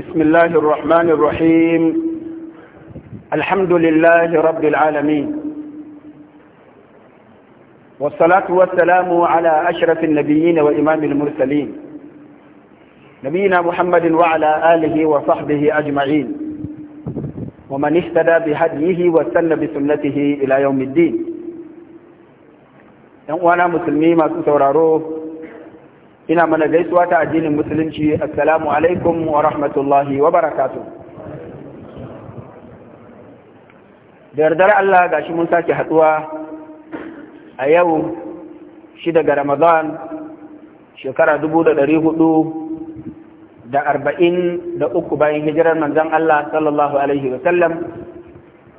بسم الله الرحمن الرحيم الحمد لله رب العالمين والصلاة والسلام على أشرف النبيين وإمام المرسلين نبينا محمد وعلى آله وصحبه أجمعين ومن اهتدى بهديه واستنى بسنته إلى يوم الدين. وانا مسلمين ما سوراروه ina mana gaisuwa ta addinin musulunci assalamu alaikum wa rahmatullahi wa barakatuh da yardar Allah gashi mun sake haduwa a yau shi daga Ramadan shekara dubu da ɗari hudu da arba'in da uku bayan hijirar manzon Allah sallallahu alaihi wa sallam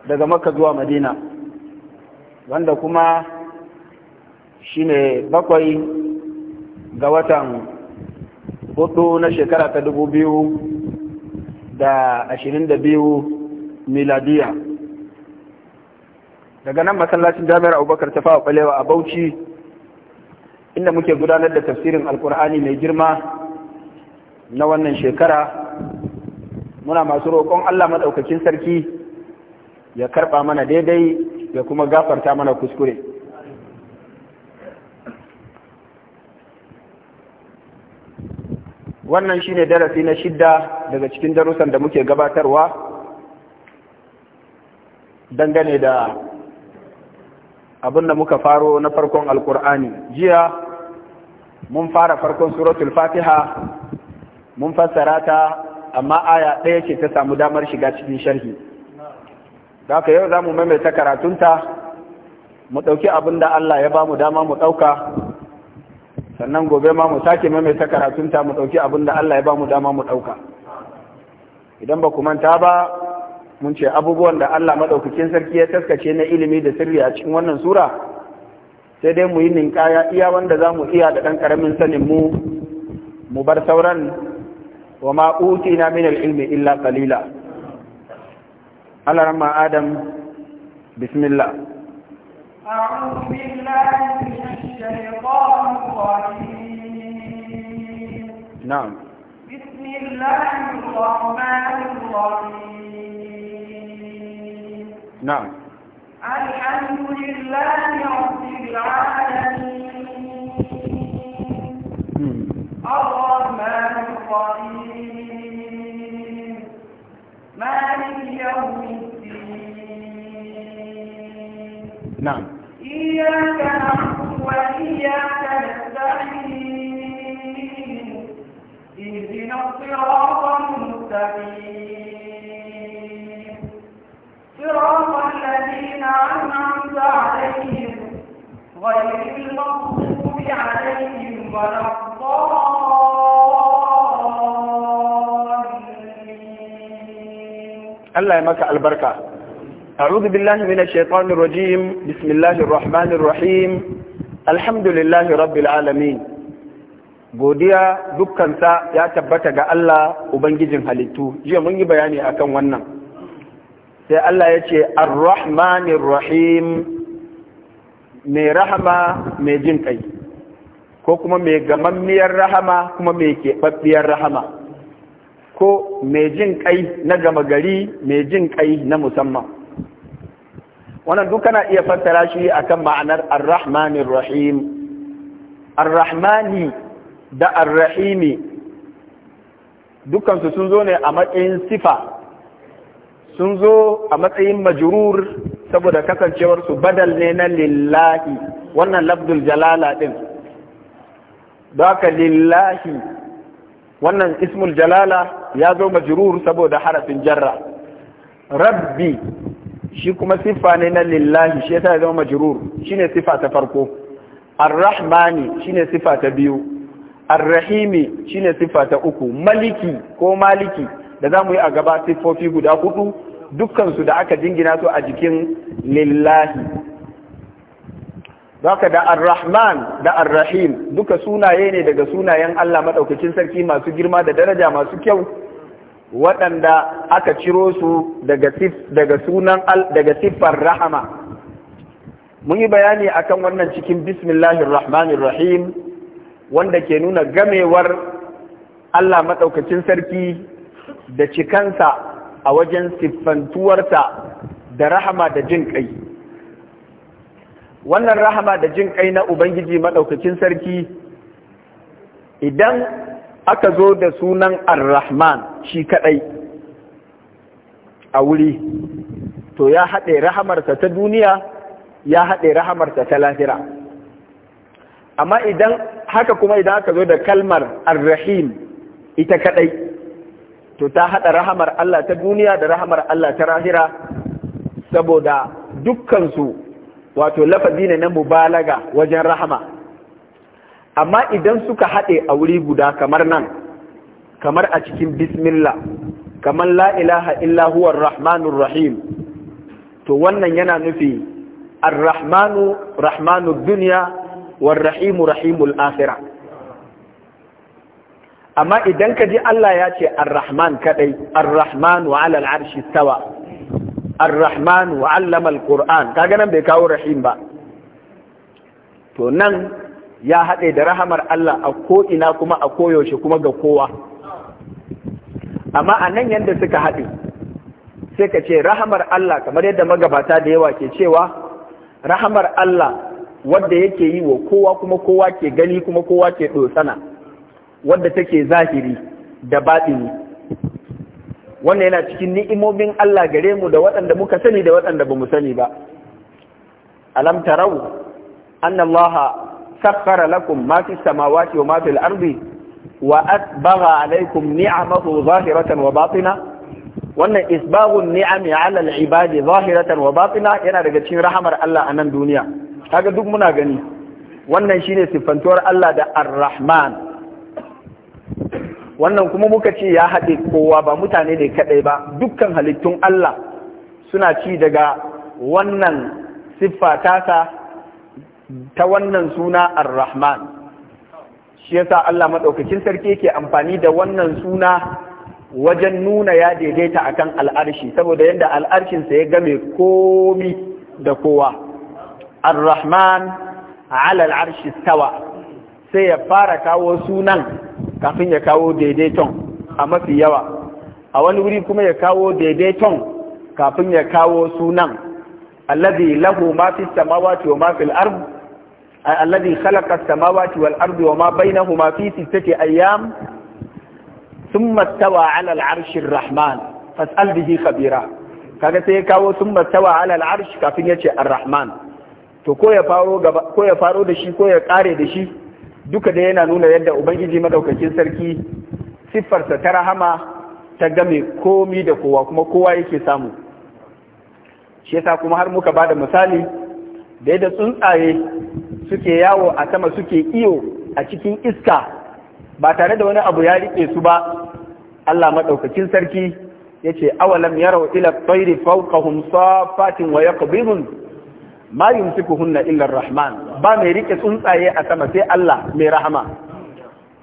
daga Makka zuwa Madina wanda kuma shine bakwai ga watan hudu na shekara ta dubu biyu da ashirin da biyu miladiya daga nan masallacin jami'ar abubakar ta fawa balewa a bauchi inda muke gudanar da tafsirin alkur'ani mai girma na wannan shekara muna masu roƙon allah maɗaukakin sarki ya karɓa mana daidai ya kuma gafarta mana kuskure wannan shine darasi na shidda daga cikin darussan da muke gabatarwa dangane da abin muka faro na farkon alkur'ani jiya mun fara farkon suratul fatiha mun fassara ta amma aya ɗaya ce ta samu damar shiga cikin sharhi da aka yau za mu maimaita karatunta mu ɗauki abin da allah ya ba mu dama mu ɗauka sannan gobe ma mu sake maimaita karatunta mu ɗauki abin da Allah ya ba mu dama mu ɗauka idan ba ku manta ba mun ce abubuwan da Allah maɗaukakin sarki ya taskace na ilimi da sirri a cikin wannan sura sai dai mu yi ninkaya iya wanda za mu iya da ɗan ƙaramin sanin mu mu bar sauran wa ma utina min ilmi illa qalila Allah rahma Adam bismillah a'udhu billahi minash الشيطان الرجيم نعم بسم الله الرحمن الرحيم نعم الحمد لله رب العالمين الرحمن الرحيم مالك يوم الدين نعم إياك نعبد وإياك نستعين اهدنا الصراط المستقيم صراط الذين أنعمت عليهم غير المغضوب عليهم ولا Allah ya البركة أعوذ بالله من الشيطان الرجيم بسم الله الرحمن الرحيم alhamdulillahi rabbil alamin godiya dukkansa ya tabbata ga Allah ubangijin halittu jiya mun yi bayani akan wannan sai Allah ya ce ar rahim mai rahama mai jin kai ko kuma mai gamammiyar rahama kuma mai keɓaɓɓiyar rahama ko mai jin kai na gama gari mai jin kai na musamman wannan duk kana iya fassara shi akan ma'anar ar-rahmanir rahim ar-rahmani da ar-rahimi dukkan su sun zo ne a matsayin sifa sun zo a matsayin majurur saboda kasancewar su badal ne na lillahi wannan labdul jalala din haka lillahi wannan ismul jalala ya zo majrur saboda harafin jarra rabbi shi kuma siffa ne na lillahi shi ya zama shi ne siffa ta farko arrahmani ne siffa ta biyu arrahimi ne siffa ta uku maliki ko maliki da za mu yi a gaba siffofi guda hudu dukkansu da aka jingina su a jikin lillahi ka da arrahman da arrahim duka sunaye ne daga sunayen Allah maɗaukacin sarki masu girma da daraja masu kyau waɗanda aka ciro su daga sunan daga siffar rahama mun yi bayani akan wannan cikin bismillahir wanda ke nuna gamewar Allah maɗaukacin sarki da cikansa a wajen siffantuwarsa da rahama da jin ƙai wannan rahama da jin ƙai na ubangiji maɗaukacin sarki idan aka zo da sunan ar-rahman shi kadai a wuri to ya haɗe rahamarsa ta duniya ya haɗe rahamarsa ta lahira amma idan haka kuma idan aka zo da kalmar arrahim ita kadai to ta haɗa rahamar Allah ta duniya da rahamar Allah ta lahira saboda dukkansu wato lafazi ne na mubalaga wajen rahama amma idan suka haɗe a wuri guda kamar nan kamar a cikin bismillah kamar la ilaha illa huwa rahmanur rahim to wannan yana nufi ar-rahmanu rahmanud dunya rahimu rahimul akhirah amma idan ka ji Allah ya ce ar-rahman kadai ar-rahmanu ala al-arshi stawa ar-rahmanu 'allama al-qur'an kaga nan bai kawo rahim ba to nan ya haɗe da rahamar Allah a ko ina kuma a koyaushe kuma ga kowa amma a nan yadda suka haɗe sai ka ce rahamar Allah kamar yadda magabata da yawa ke cewa rahamar Allah wadda yake yi wa kowa kuma kowa ke gani kuma kowa ke ɗosana wadda take zahiri da baɗini wannan yana cikin ni'imomin Allah gare mu da waɗanda muka sani da waɗanda ba mu sani ba alam tarau anna Allah sakhkhara lakum ma fis samawati wa ma fil wa asbagha alaikum ni'amahu zahiratan wa batina wannan isbaghun ni'ami ala al-ibadi zahiratan wa batina yana daga cikin rahmar Allah a nan duniya kaga duk muna gani wannan shine siffantuwar Allah da Ar-Rahman wannan kuma muka ce ya haɗe kowa ba mutane ne kaɗai ba dukkan halittun Allah suna ci daga wannan siffataka ta wannan suna Ar-Rahman shi yasa Allah madaukakin sarki yake amfani da wannan suna wajen nuna ya daidaita akan al'arshi saboda yadda al'arshinsa ya game komi da kowa ar-rahman ala arshi stawa sai ya fara kawo sunan kafin ya kawo daidaiton a mafi yawa a wani wuri kuma ya kawo daidaiton kafin ya kawo sunan allazi lahu ma fi samawati wa ma fil alladhi khalaqa as-samawati wal ardi wa ma bainahuma fi sittati ayyam thumma istawa 'ala al rahman fas'al khabira kaga sai ya kawo sun istawa 'ala al-'arshi kafin yace ar-rahman to ko ya faro ko ya faro da shi ko ya kare da shi duka da yana nuna yadda ubangiji madaukakin sarki siffarsa ta rahama ta game komi da kowa kuma kowa yake samu shi yasa kuma har muka bada misali da yadda tsuntsaye suke yawo a sama suke iyo a cikin iska ba tare da wani abu ya riƙe su ba Allah maɗaukakin sarki ya ce awalam rau ila tsairi fawqahum safatin wa yaqbidun ma hunna illa rahman ba mai riƙe tsuntsaye a sama sai Allah mai rahama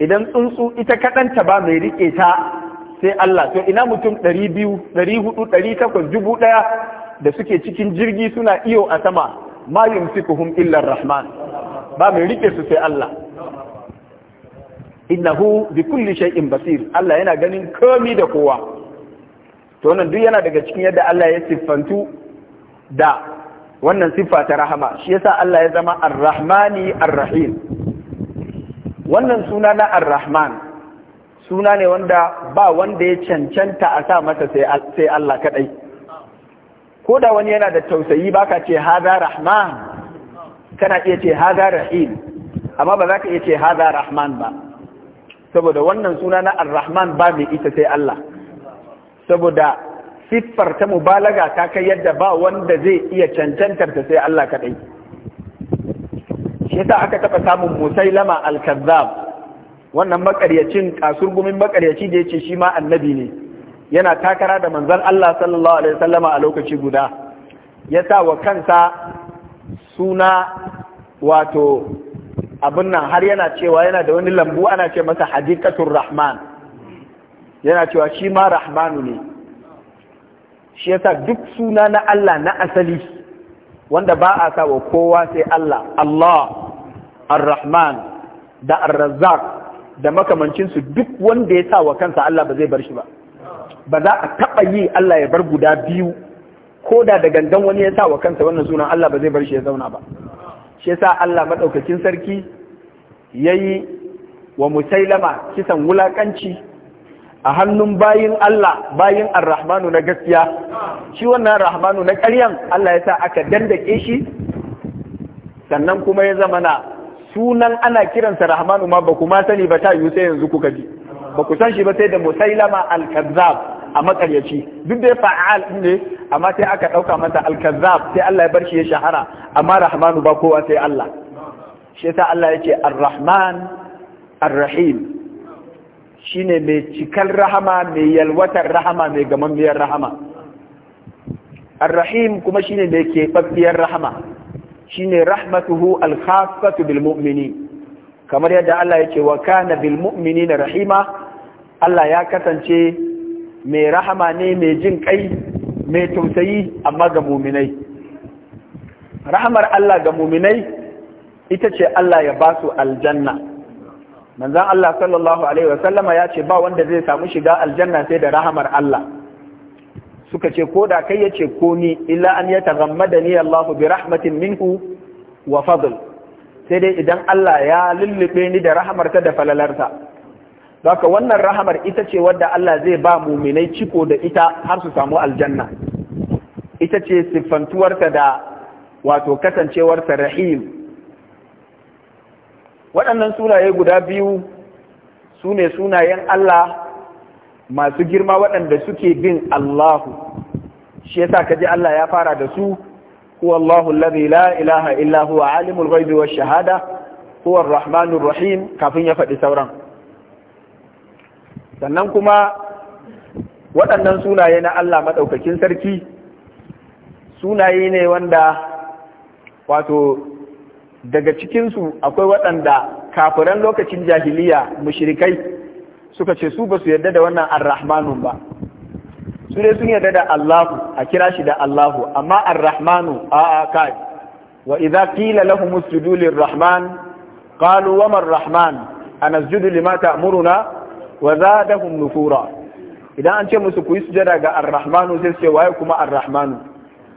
idan tsuntsu ita kaɗanta ba mai riƙe ta sai Allah to ina mutum ɗari biyu ɗari hudu ɗari takwas dubu ɗaya da suke cikin jirgi suna iyo a sama ma yumsikuhum illa rahman ba mai rike su sai Allah innahu bi kulli shay'in basir Allah yana ganin komi da kowa to wannan duk yana daga cikin yadda Allah ya siffantu da wannan siffa ta rahama shi yasa Allah ya zama ar-rahmani ar-rahim wannan suna na ar-rahman suna ne wanda ba wanda ya cancanta a sa masa sai Allah kaɗai. ko da wani yana da tausayi baka ce hada rahman kana iya ce haza rahim amma ba za ka iya ce haza rahman ba saboda wannan suna na alrahman rahman ba mai ita sai Allah saboda siffar ta mubalaga ta kai yadda ba wanda zai iya cancantar ta sai Allah kadai shi yasa aka taba samun musailama al-kazzab wannan makaryacin kasurgumin makaryaci da yace shi ma annabi ne yana takara da manzon Allah sallallahu alaihi wasallama a lokaci guda ya sa wa kansa suna wato abin nan har yana cewa yana da wani lambu ana ce masa hadikatun rahman yana cewa shi ma rahmanu ne shi yasa duk suna na Allah na asali wanda ba a sa wa kowa sai Allah Allah ar-rahman da ar-razzaq da makamancinsu duk wanda ya sa wa kansa Allah ba zai bar shi ba ba za a taɓa yi Allah ya bar guda biyu ko da da gangan wani ya sa wa kansa wannan sunan Allah ba zai bar shi ya zauna ba shi yasa Allah madaukakin sarki yayi wa musailama kisan wulakanci a hannun bayin Allah bayin arrahmanu na gaskiya shi wannan rahmanu na ƙaryan Allah ya sa aka dandake shi sannan kuma ya zama na sunan ana kiransa rahmanu ma ba kuma sani ba ta yi yusa yanzu kuka ji ba ku san shi ba sai da musailama al-kazzab a makaryaci duk ya fa'al ne amma sai aka ɗauka masa alkazab sai Allah ya bar shi ya shahara amma rahmanu ba kowa sai Allah shi yasa Allah ya ce ar-rahman ar-rahim shine mai cikar rahama mai yalwatar rahama mai gamammiyar rahama ar-rahim kuma shine mai keɓaɓɓiyar rahama ne rahmatuhu al-khassatu bil kamar yadda Allah ya ce wa kana bil na rahima Allah ya kasance mai rahama ne mai jin kai mai tausayi amma ga muminai rahamar Allah ga muminai ita ce Allah ya ba su aljanna manzan Allah sallallahu alaihi wasallama ya ce ba wanda zai samu shiga aljanna sai da rahamar Allah suka ce ko da kai yace ko ni illa an ya taghammada ni Allah bi rahmatin minku wa fadl sai dai idan Allah ya lullube ni da rahamarsa da falalarsa Daka wannan rahamar ita ce wadda Allah zai ba muminai ciko da ita har su samu aljanna. Ita ce siffantuwarta da wato kasancewarta rahim. Waɗannan sunaye guda biyu su ne sunayen Allah masu girma waɗanda suke bin Allahu. Shi yasa kaji Allah ya fara da su, huwa Allahu la ilaha illahu! Wa alimul ghaibi shahada, huwa rahim kafin ya faɗi sauran. sannan kuma waɗannan sunaye na Allah maɗaukakin sarki sunaye ne wanda wato daga cikinsu akwai waɗanda kafiran lokacin jahiliya mushrikai suka ce su ba su yarda da wannan arrahmanun ba su dai sun yarda da Allahu a kira shi da Allahu amma arrahmanu a a kai wa idza qila lahum usjudu lirrahman qalu wa man rahman anasjudu lima ta'muruna wa da nufura idan an ce musu ku yi sujada ga arrahmanu sai ce waye kuma arrahmanu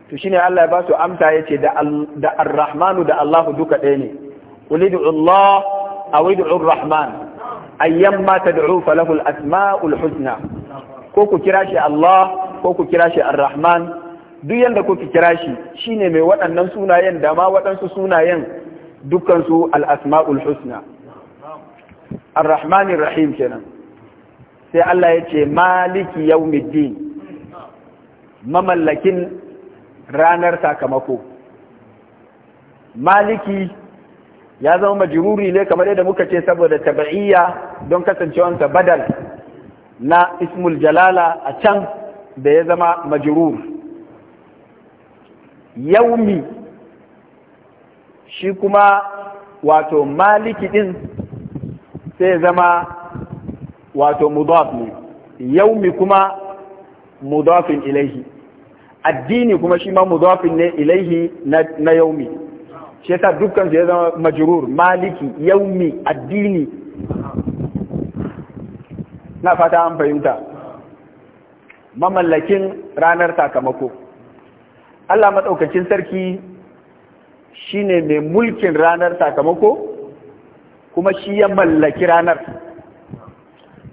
to shine Allah ya ba su amsa yace da da arrahmanu da Allah duka ɗaya ne ulidu Allah aw ud'u ayyamma tad'u falahu al-asma'ul husna ko ku kira shi Allah ko ku kira shi arrahman duk yanda kuka kira shi shine mai waɗannan sunayen da ma waɗansu sunayen dukansu al-asma'ul husna ar-rahmanir rahim kenan sai Allah ya ce maliki yaumiddin mamallakin ranar sakamako maliki ya zama majiruri ne kamar yadda muka ce saboda taba'iyya don kasancewansa badal na ismul jalala a can da ya zama majrur yaumi shi kuma wato maliki din sai zama wato mudaf ne yaumi kuma mudafin ilaihi addini kuma shi ma mudafin ne ilaihi na yaumi shi yasa dukkan su ya zama majrur maliki yaumi addini na fata an fahimta mamallakin ranar sakamako Allah maɗaukakin sarki shine mai mulkin ranar sakamako kuma shi ya mallaki ranar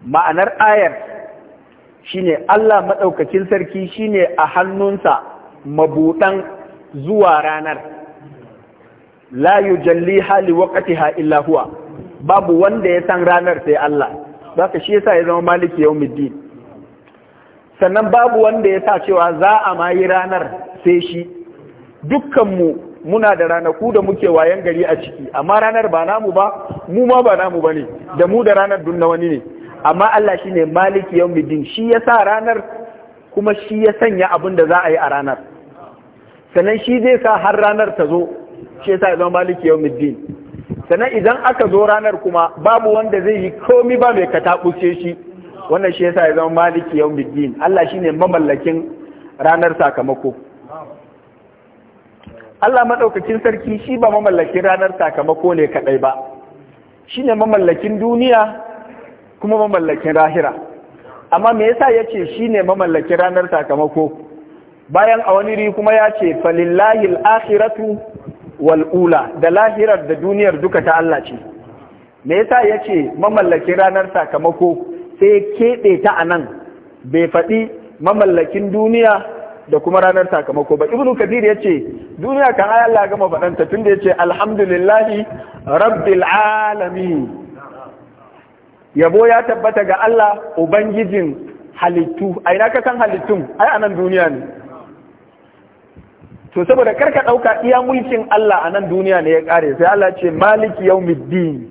ma'anar ayar shine Allah maɗaukacin sarki shine a hannunsa mabuɗan zuwa ranar Layu jalli hali wakati illa huwa babu wanda ya san ranar sai Allah ka shi yasa ya zama maliki yawmiddin sannan babu wanda ya sa cewa za a mayi ranar sai shi dukkanmu muna da ranaku da muke wayan gari a ciki amma ranar ba namu ba mu ma ba namu ba ne. da mu da ranar dun na wani ne amma Allah shi ne maliki midin shi ya sa ranar kuma shi ya sanya abin da za a yi a ranar sannan shi zai sa har ranar ta zo shi ya sa zama maliki yau midin, sannan idan aka zo ranar kuma babu wanda zai yi komi ba mai kuce shi wannan shi ya sa ya zama maliki midin, Allah shi ne mamallakin ranar sakamako Allah maɗaukakin sarki shi ba mamallakin ranar sakamako ne kaɗai ba, shi ne mamallakin duniya kuma mamallakin rahira amma me yasa yace shine mamallakin ranar sakamako bayan a wani ri kuma ya ce falillahi al-akhiratu wal da lahirar da duniyar duka ta Allah ce me yasa yace mamallakin ranar sakamako sai keɓe ta a nan, bai faɗi mamallakin duniya da kuma ranar sakamako ba ibnu kadir yace duniya kan ayi Allah gama faɗanta tunda yace alhamdulillahi rabbil alamin yabo ya tabbata ga Allah ubangijin halittu a ina ka san halittun ai anan duniya ne to saboda karka ɗauka iya mulkin Allah a nan duniya ne ya kare sai Allah ce maliki yaumiddin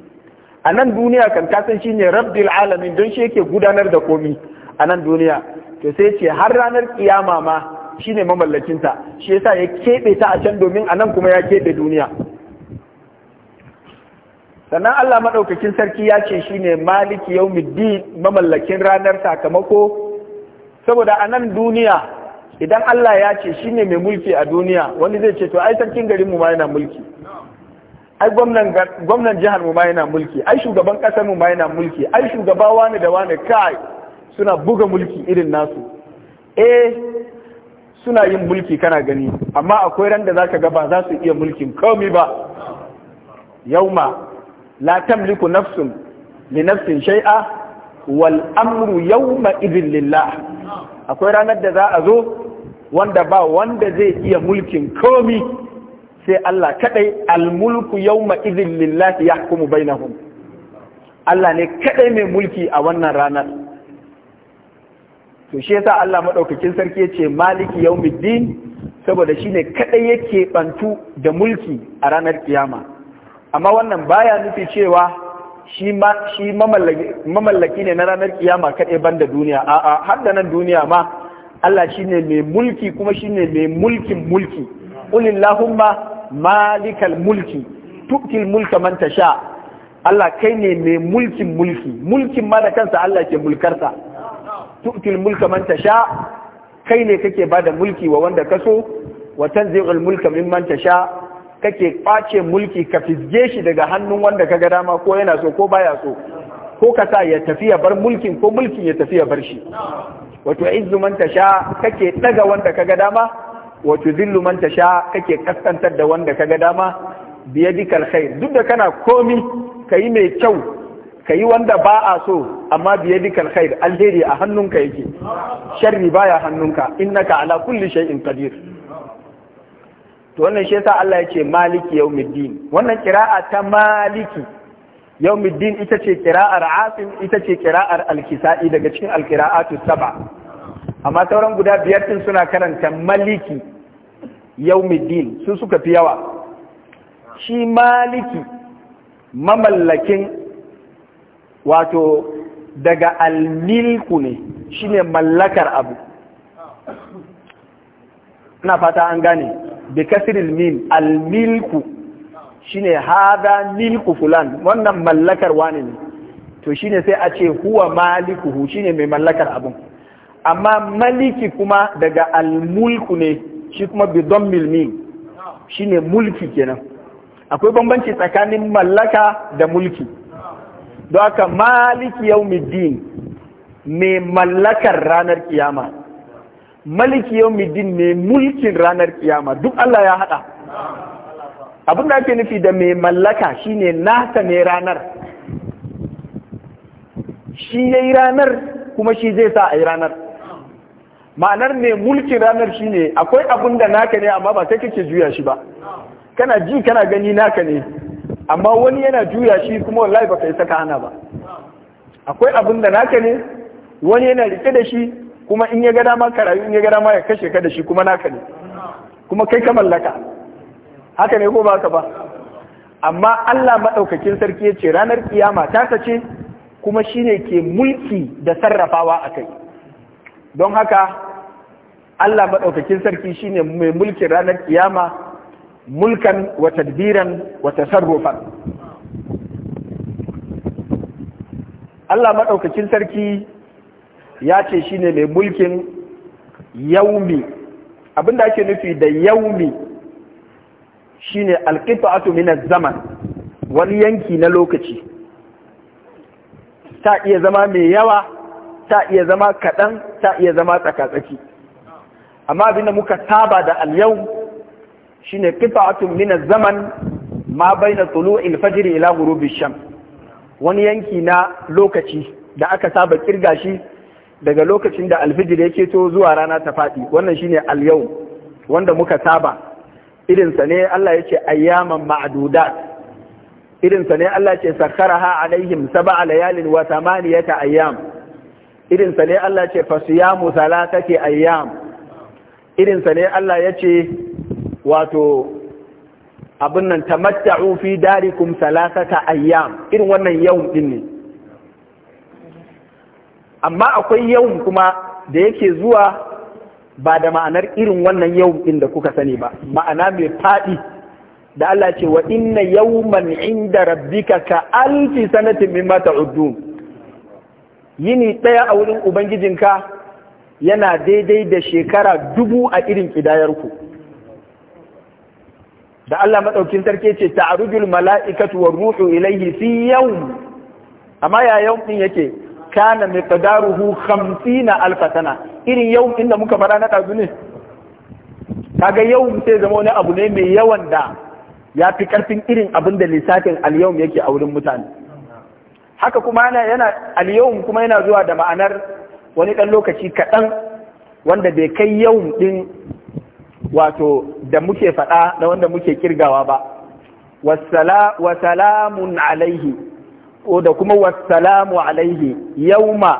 a nan duniya kan kasan shi ne rabbil alamin don shi yake gudanar da komi a nan duniya to sai ce har ranar kiyama ma shine mamallakinta shi yasa ya keɓe ta a can domin a nan kuma ya keɓe duniya sannan Allah maɗaukakin sarki ya ce shi ne maliki yau mamallakin ranar sakamako saboda a nan duniya idan Allah ya ce shi ne mai mulki a duniya wani zai ce to ai sarkin garinmu ma yana mulki ai gwamnan jihar mu ma yana mulki ai shugaban ƙasar mu ma yana mulki ai shugaba wani da wani kai suna buga mulki irin nasu E suna yin mulki kana gani amma akwai ran da zaka ga ba za su iya mulkin komai ba yauma la tamliku nafsun li nafsin shay'a wal amru yawma idhin lillah akwai ranar da za a zo wanda ba wanda zai iya mulkin komi sai Allah kadai al mulku yawma idhin lillah yahkumu bainahum Allah ne kadai mai mulki a wannan ranar to shi yasa Allah madaukakin sarki ya ce maliki yawmiddin saboda shine kadai yake bantu da mulki a ranar kiyama amma wannan baya nufi cewa shi mamallaki ne na ranar kiyama kaɗai ban da duniya a'a har da nan duniya ma Allah shi ne mai mulki kuma shi ne mai mulkin mulki ulillahumma malikal mulki tukil mulka man tasha Allah kai ne mai mulkin mulki mulkin ma da kansa Allah ke mulkarsa tukil mulka man tasha kai ne kake bada mulki wa wanda kaso wa tanzi'ul mulka mimman tasha kake kwace mulki ka fisge shi daga hannun wanda ka ga dama ko yana so ko baya so ko ka sa ya tafiya bar mulkin ko mulkin ya tafiya bar shi wato izzu man tasha kake ɗaga wanda ka ga dama wato zillu man tasha kake kaskantar da wanda ka ga dama biyadikal khair duk da kana komi kayi mai kyau kayi wanda ba a so amma biyadikal khair alheri a hannunka yake sharri baya hannunka naka ala kulli shai in qadir to wannan shi yasa Allah ya ce maliki yawmiddin wannan kira'a ta maliki yawmiddin ita ce kira'ar asim ita ce kira'ar alkisa'i daga cikin alkira'atu saba amma sauran guda biyar din suna karanta maliki yawmiddin su suka fi yawa shi maliki mamallakin wato daga al-milku ne shine mallakar abu ina fata an gane bi kasirin min al milku shine hada milku fulan wannan mallakar wani ne to shine sai a ce huwa malikuhu shine mai mallakar abin. amma maliki kuma daga al ne shi kuma bi dammil shi shine mulki kenan akwai bambanci tsakanin mallaka da mulki don haka maliki din mai mallakar ranar kiyama maliki yau midin ne mulkin ranar kiyama duk Allah ya haɗa. abin da ake nufi da mai mallaka shine nasa ne ranar shi ya yi ranar kuma shi zai sa a yi ranar ma'anar mai mulkin ranar shine akwai abin da naka ne amma ba sai kake juya shi ba kana ji kana gani naka ne amma wani yana juya shi kuma wallahi baka yi saka hana ba akwai abin da naka ne wani yana rike da shi kuma in ya ga dama ka rayu in ya ga dama ya kashe ka da shi kuma naka ne kuma kai ka mallaka haka ne ko ba ka ba amma Allah maɗaukakin sarki ya ce ranar kiyama ta kace kuma shine ke mulki da sarrafawa a kai don haka Allah maɗaukakin sarki shine mai mulkin ranar kiyama mulkan wa tadbiran wa tasarrufan Allah maɗaukakin sarki ya ce shi ne mai mulkin yaumi abinda ake nufi da yaumi shine alqita'atu min zaman wani yanki na lokaci ta iya zama mai yawa ta iya zama kaɗan ta iya zama tsakatsaki amma abinda muka saba da al shi shine qita'atun min zaman ma baina in fajiri ila gurubi sham wani yanki na lokaci da aka saba kirga shi daga lokacin da alfijir ya keto zuwa rana ta faɗi wannan shine al wanda muka saba irinsa ne Allah ya ce ayyaman ma'adudat. irinsa ne Allah ya ce sakharaha alaihim sab'a layalin wa thamaniyata ayyam irinsa ne Allah ya ce fasiyamu thalathati ayyam irinsa ne Allah ya ce wato abin nan tamatta'u fi darikum thalathata ayyam irin wannan yau din ne amma akwai yawun kuma da yake zuwa ba da ma'anar irin wannan yawun ɗin da kuka sani ba ma'ana mai faɗi da Allah ce wa inna yawman inda rabbika ka alfi sanatin mimma ta'uddun yini ɗaya a wurin ubangijinka yana daidai da shekara dubu a irin ku da Allah maɗaukin sarki ce ta'arujul mala'ikatu war ruhu ilaihi fi yawm amma ya yawm ɗin yake kana miqdaruhu 50 alf alfasana irin yau inda muka fara na dazu ne kaga yau sai zama wani abu ne mai yawan da ya fi karfin irin abin da lissafin al yake a wurin mutane haka kuma yana yana al kuma yana zuwa da ma'anar wani dan lokaci kaɗan wanda bai kai yau ɗin wato da muke faɗa da wanda muke kirgawa ba wasalamun alaihi da kuma wassalamu alaihi yauma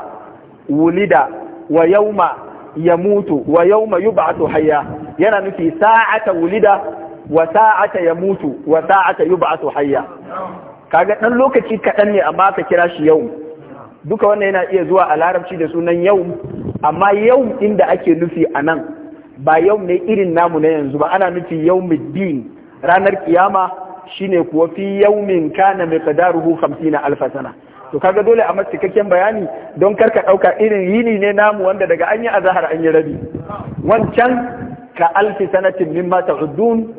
wulida wa yauma ya mutu wa yauma yub'atu haya yana nufi sa'ata wulida wa sa'ata ya mutu wa sa'ata yub'atu haya kaga ɗan lokaci kaɗan ne amma ka kira shi yau duka wannan yana iya zuwa a larabci da sunan yau amma yau inda ake nufi a nan ba yau ne irin namu na yanzu ba ana nufi yau ranar kiyama shine kuwa fi yaumin kana miqdaruhu 50 na sana to kaga dole a masu cikakken bayani don karka ɗauka irin yini ne namu wanda daga an yi azahar an yi rabi wancan ka alfi sanatin mimma ta'udun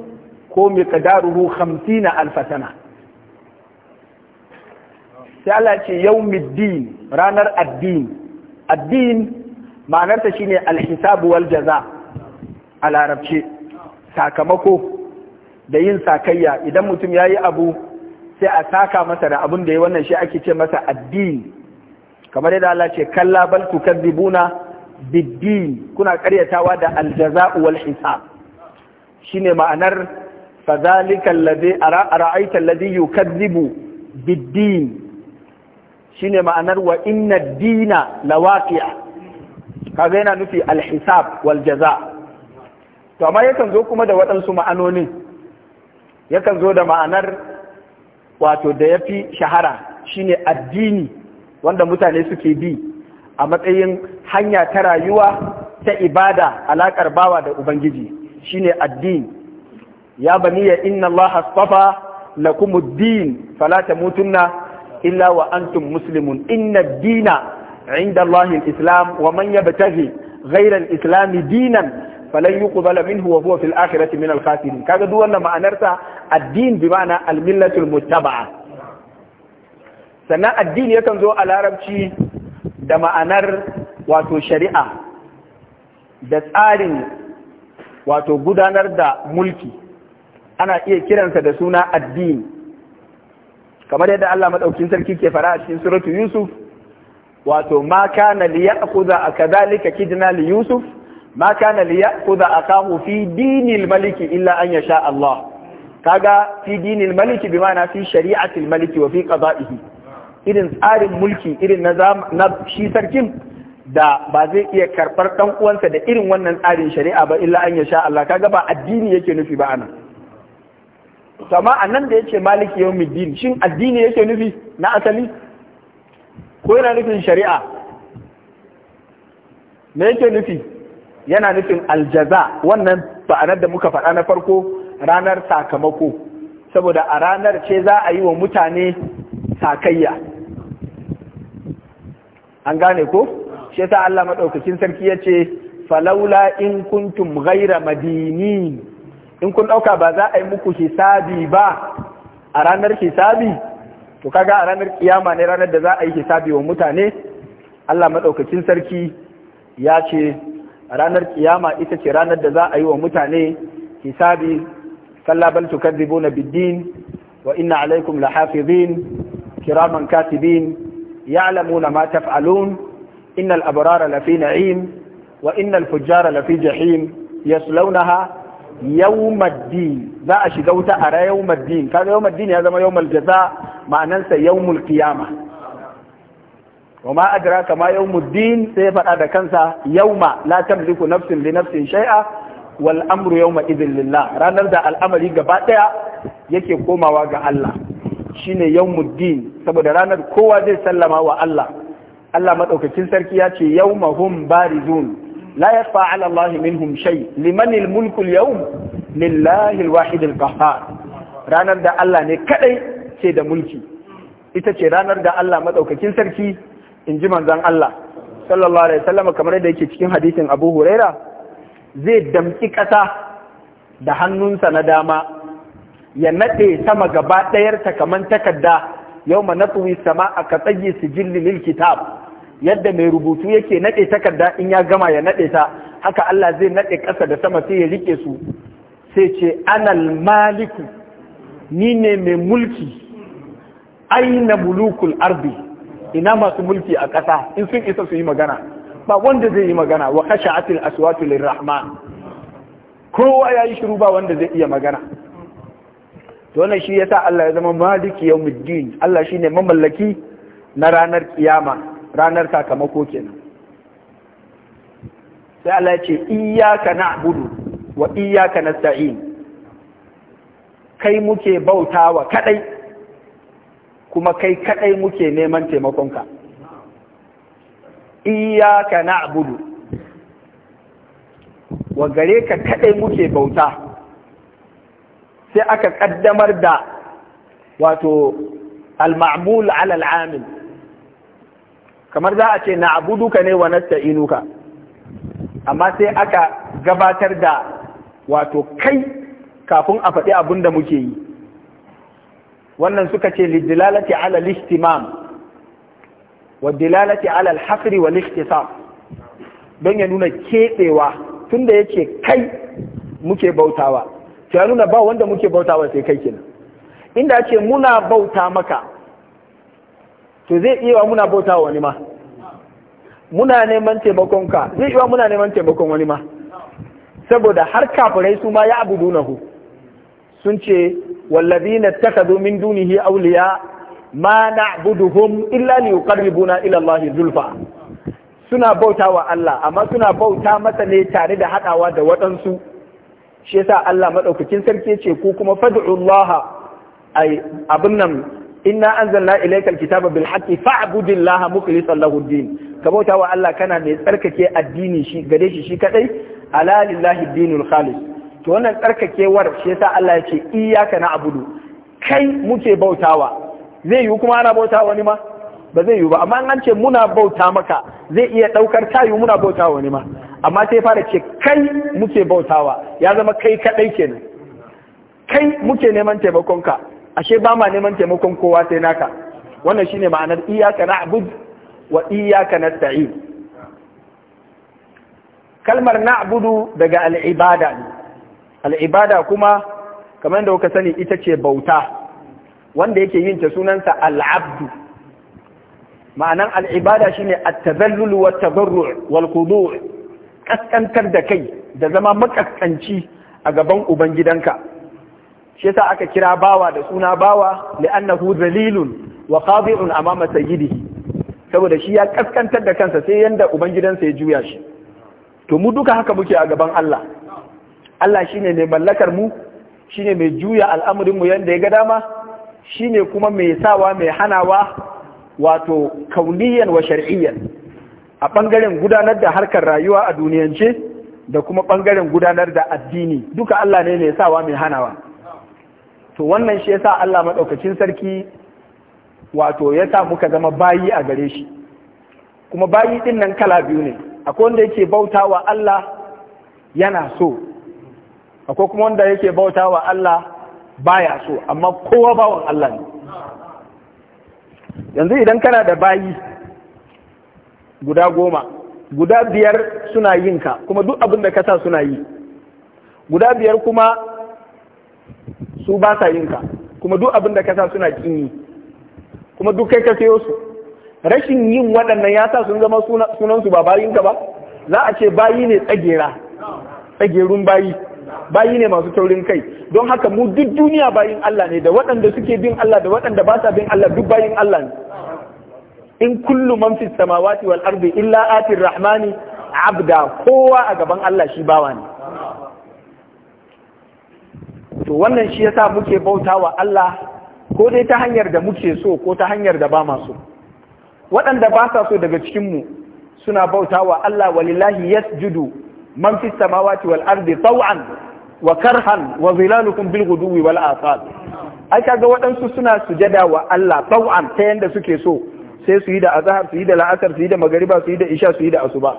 ko miqdaruhu 50 alf sana sai Allah ce yaumiddin ranar addin addin ma'anarta shine alhisab wal jaza a larabce sakamako da yin sakayya idan mutum ya yi abu sai a saka masa da abin da ya wannan shi ake ce masa addini kamar yadda Allah ce kalla bal tukadzibuna biddin kuna karyatawa da aljaza'u wal hisab shine ma'anar fadhalika alladhi ara'aita alladhi yukadzibu biddin shine ma'anar wa inna ad-dina lawaqi'a kaga yana nufi alhisab wal jaza to amma yakan zo kuma da waɗansu ma'anonin yakan zo da ma'anar wato da ya fi shahara shine addini wanda mutane suke bi a matsayin hanya ta rayuwa ta ibada alaƙar bawa da ubangiji shine addini ya ya inna Allah astafa lakum ad-din fala tamutunna illa wa antum muslimun inna dina 'inda Allah islam wa man yabtaghi ghayra al-islam dinan falan yuqbala minhu wa huwa fil akhirati min al khasirin kaga duk wannan ma'anarsa addin bi ma'ana al millatul muttaba'a sannan addini yakan zo a larabci da ma'anar wato shari'a da tsarin wato gudanar da mulki ana iya kiransa da suna addini kamar yadda Allah madaukin sarki ke fara a cikin suratu Yusuf wato ma kana li ya'khudha akadhalika kidna li Yusuf ma kana li ya'khudha akahu fi dinil maliki illa an yasha Allah kaga fi dinil maliki bi ma'ana fi shari'atil maliki wa fi qada'ihi irin tsarin mulki irin na na shi sarkin da ba zai iya karɓar ɗan uwansa da irin wannan tsarin shari'a ba illa an yasha Allah kaga ba addini yake nufi ba anan sama anan da yake maliki yawmiddin shin addini yake nufi na asali ko yana nufin shari'a me yake nufi yana nufin aljaza wannan ba'anar da muka faɗa na farko ranar sakamako saboda a ranar ce za a yi wa mutane sakayya an gane ko shi ta Allah maɗaukakin sarki ya ce falaula in kuntum ghaira madini in kun ɗauka ba za a yi muku hisabi ba a ranar hisabi to kaga a ranar kiyama ne ranar da za a yi hisabi wa mutane Allah maɗaukakin sarki ya ce ranar kiyama ita ce ranar da za a yi wa mutane hisabi kalla bal tukadzibuna biddin wa inna alaikum lahafizin kiraman katibin ya'lamuna ma taf'alun innal abrara lafi na'im wa innal fujjara lafi jahim yaslawnaha yawmad za a shiga wuta a ra yawmad kaga yawmad ya zama yawmal jaza ma'anansa yawmul qiyamah wa ma kama ma yawmuddin sai ya faɗa da kansa yawma la tamliku nafsin li nafsin shay'a wal amru yawma idhin lillah ranar da al'amari gaba daya yake komawa ga Allah shine yawmuddin saboda ranar kowa zai sallama wa Allah Allah madaukakin sarki ya ce yawma hum barizun la yakhfa 'ala Allah minhum shay liman al mulku al yawm lillahi al wahid al qahhar ranar da Allah ne kadai ce da mulki ita ce ranar da Allah madaukakin sarki in ji manzan Allah sallallahu alaihi wasallam kamar da yake cikin hadisin Abu Huraira zai damki ƙasa da hannunsa na dama ya naɗe sama gaba ɗayar ta Yau takarda natsuwi sama a ka su sijilli lil kitab yadda mai rubutu yake naɗe takarda in ya gama ya naɗe ta haka Allah zai naɗe ƙasa da sama sai ya rike su sai ce anal maliku ni ne mai mulki aina mulukul arbi ina masu mulki a ƙasa in sun isa su yi magana ba wanda zai yi magana wa khasha'atil aswatu lirrahman kowa ya yi shiru ba wanda zai iya magana to wannan shi yasa Allah ya zama maliki yawmiddin Allah shine mamallaki na ranar kiyama ranar sakamako kenan sai Allah ya ce iyyaka na'budu wa iyyaka nasta'in kai muke bautawa kadai kuma kai kaɗai muke neman taimakonka iyaka na'budu wa gare ka kadai muke bauta sai aka kaddamar da wato al-ma'mul ala al kamar za a ce na'buduka ne wa nasta'inuka amma sai aka gabatar da wato kai kafin a faɗi abin da muke yi wannan suka ce lidilalati ala listimam wa dilalati ala alhasri wa listisam don ya nuna keɓewa tunda ya ce kai muke bautawa ya nuna ba wanda muke bautawa sai kai kenan inda ce muna bauta maka to zai iya wa muna bautawa wani ma muna neman taimakon ka zai iya muna neman taimakon wani ma saboda har kafirai su ma ya abu dunahu sun ce والذين اتخذوا من دونه أولياء ما نعبدهم إلا ليقربونا إلى الله زلفى suna bautawa Allah amma suna bauta masa ne tare da haɗawa da waɗansu shi yasa Allah maɗaukacin sarki ce ko kuma fad'ullaha ai abin nan inna anzalna ilaykal kitaba bil haqqi fa'budillaha mukhlishan lahu din ka bautawa Allah kana mai tsarkake addini shi gare shi shi kadai ala lillahi dinul khalis to wannan tsarkakewar shi yasa Allah ya ce iyyaka na'budu kai muke bautawa zai yiwu kuma ana bauta wani ma ba zai yiwu ba amma an ce muna bauta maka zai iya daukar tayu muna bauta wani ma amma sai fara ce kai muke bautawa ya zama kai kadai kenan kai muke neman taimakon ka ashe ba ma neman taimakon kowa sai naka wannan shine ma'anar iyyaka na'bud wa iyyaka nasta'in kalmar na'budu daga al'ibada ne al'ibada kuma kamar da kuka sani ita ce bauta wanda yake yin ta sunansa al'abdu ma'anan al'ibada shine a tazallul wa tabarru' wal kaskantar da kai da zama makaskanci a gaban ubangidanka shi sa aka kira bawa da suna bawa li'annahu zalilun wa a amama sayidi saboda shi ya kaskantar da kansa sai yanda ubangidansa ya juya shi to mu duka haka muke a gaban Allah Allah shi ne mai mallakar mu ne mai juya al'amurinmu mu yanda ya ga dama ne kuma mai sawa mai hanawa wato kauniyan wa shari'iyyar a ɓangaren gudanar da harkar rayuwa a duniyance da kuma ɓangaren gudanar da addini duka Allah ne mai sawa mai hanawa to wannan shi yasa Allah maɗaukacin sarki wato ya sa muka zama bayi a gare shi kuma bayi ɗin nan kala biyu ne akwai wanda yake bautawa Allah yana so akwai kuma wanda yake bauta wa Allah baya so amma kowa bawan Allah ne yanzu idan kana da bayi guda goma guda biyar suna yin ka kuma duk abin da ka sa suna yi guda biyar kuma su ba sa yin ka kuma duk abin da ka sa suna kin yi kuma duk kai ka sayo su rashin yin waɗannan ya sa sun zama sunansu ba bayinka ba za a ce bayi ne tsagera tsagerun bayi bayi ne masu taurin kai don haka mu duk duniya bayin Allah ne da waɗanda suke bin Allah da waɗanda ba sa bin Allah duk bayin Allah ne in kullu man fi samawati wal ardi illa atir rahmani abda kowa a gaban Allah shi bawa ne to wannan shi yasa muke bautawa Allah ko dai ta hanyar da muke so ko ta hanyar da ba masu waɗanda ba sa so daga cikin mu suna bautawa Allah walillahi yasjudu man fi samawati wal ardi taw'an wa karhan wa zilalukum bil ghuduwi wal asal ai kaga waɗansu suna sujada wa Allah ta yanda suke so sai su yi da azahar, su yi da la'asar su yi da magariba su yi da isha su yi da asuba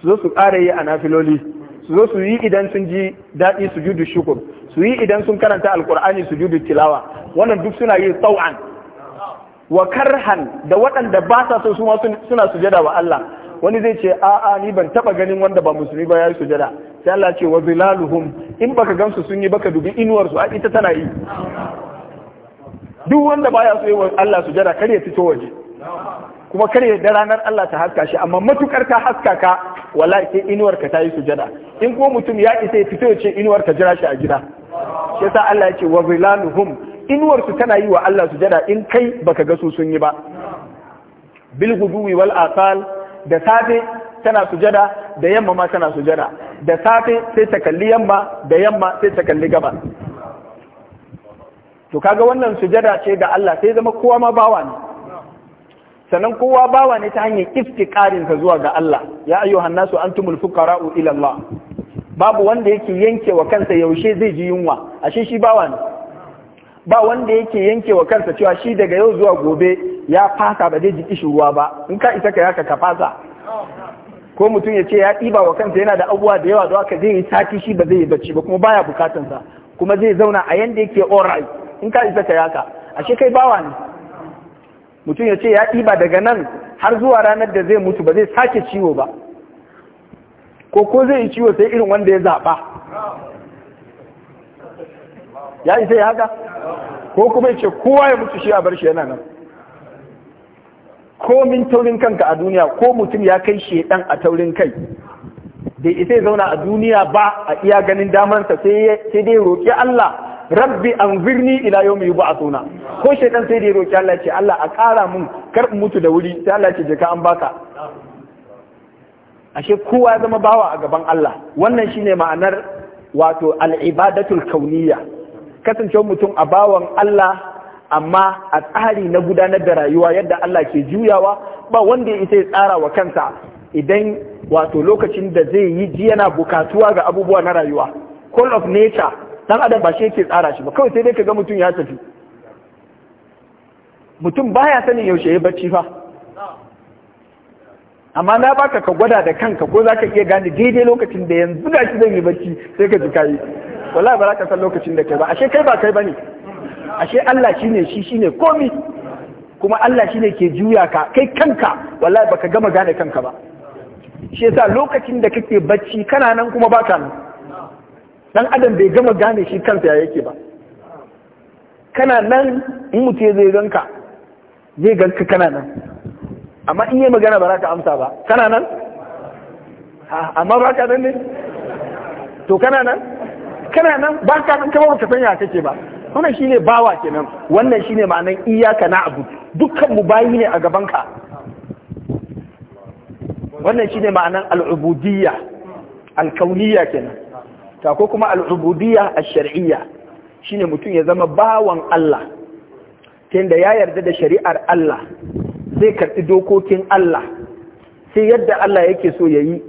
su zo su ƙara yi a nafiloli su zo su yi idan sun ji daɗi su judu shukur su yi idan sun karanta alkur'ani su judu tilawa wannan duk suna yi taw'an wa karhan da waɗanda ba sa so su ma suna sujada wa Allah wani zai ce a'a ni ban taba ganin wanda ba musulmi ba yayi sujada sai Allah ce wa zilaluhum in baka gamsu sun yi baka dubi inuwar su ita tana yi duk wanda baya so yawa Allah sujada kar ya fito waje kuma kar ya da ranar Allah ta haska shi amma matukar ta haska ka wallahi sai inuwar ka tayi sujada in ko mutum ya isa ya fito ya ce inuwar ka jira shi a gida shi yasa Allah ya ce wa zilaluhum inuwar su tana yi wa Allah sujada in kai baka ga su sun yi ba bil guduwi wal asal da safe tana sujada da yamma ma tana sujada da safe sai ta kalli yamma da yamma sai ta kalli gaba to kaga wannan sujada ce ga Allah sai zama kowa ma bawa ne sannan kowa bawa ne ta hanyar iftikarin ka zuwa ga Allah ya ayyuhan nasu antumul fuqara'u ila Allah babu wanda yake yanke wa kansa yaushe zai ji yunwa ashe shi bawa ne ba wanda yake yanke wa kansa cewa shi daga yau zuwa gobe ya fasa ba zai ji kishirwa ba in ka isa ka yaka ka fasa ko mutum ya ce ya ɗiba wa kansa yana da abubuwa da yawa zuwa aka zai yi sati shi ba zai yi bacci ba kuma baya bukatansa kuma zai zauna a yanda yake alright in ka isa ka yaka ashe kai bawa ne mutum ya ce ya ɗiba daga nan har zuwa ranar da zai mutu ba zai sake ciwo ba ko ko zai yi ciwo sai irin wanda ya zaɓa ya isa ya haka ko kuma ya ce kowa ya mutu shi a bar shi yana nan ko min taurin kanka a duniya ko mutum ya kai shedan a taurin kai Da isa ya zauna a duniya ba a iya ganin damarsa sai dai roƙi Allah rabbi an birni ila yau mai ba a ko shedan sai dai roƙi Allah ce Allah a ƙara mun kar in mutu da wuri sai Allah ce ka an baka ashe kowa ya zama bawa a gaban Allah wannan shine ma'anar wato al-ibadatul kauniyya kasancewar mutum a bawan Allah amma a tsari na gudanar da rayuwa yadda Allah ke juyawa ba wanda ya isa ya tsara wa kansa idan wato lokacin da zai yi ji yana bukatuwa ga abubuwa na rayuwa call of nature dan adam ba shi yake tsara shi ba kawai sai dai ka ga mutum ya tafi mutum baya sanin yaushe ya bacci fa amma na baka ka gwada da kanka ko zaka iya gane daidai lokacin da yanzu gashi zan yi bacci sai ka ji wallahi ba za ka san lokacin da kai ba ashe kai ba kai bane ashe Allah shine shi shine komi kuma Allah shine ke juya ka kai kanka wallahi baka gama gane kanka ba shi yasa lokacin da kake bacci kana nan kuma baka nan dan adam bai gama gane shi kansa ya yake ba kana nan in mutum zai ganka zai ganka kana nan amma in yi magana ba za ka amsa ba kana nan amma ba ka nan ne to kana nan kana nan ba ka nan kama baka sanya kake ba wannan shine bawa kenan wannan shine ma'anar iyaka na abu dukkan mu bayi ne a gaban ka wannan shine ma'anar al'ubudiyya alkauniyya kenan ta ko kuma al'ubudiyya ash-shar'iyya shine mutum ya zama bawan Allah tunda ya yarda da shari'ar Allah zai karɓi dokokin Allah sai yadda Allah yake so ya yi,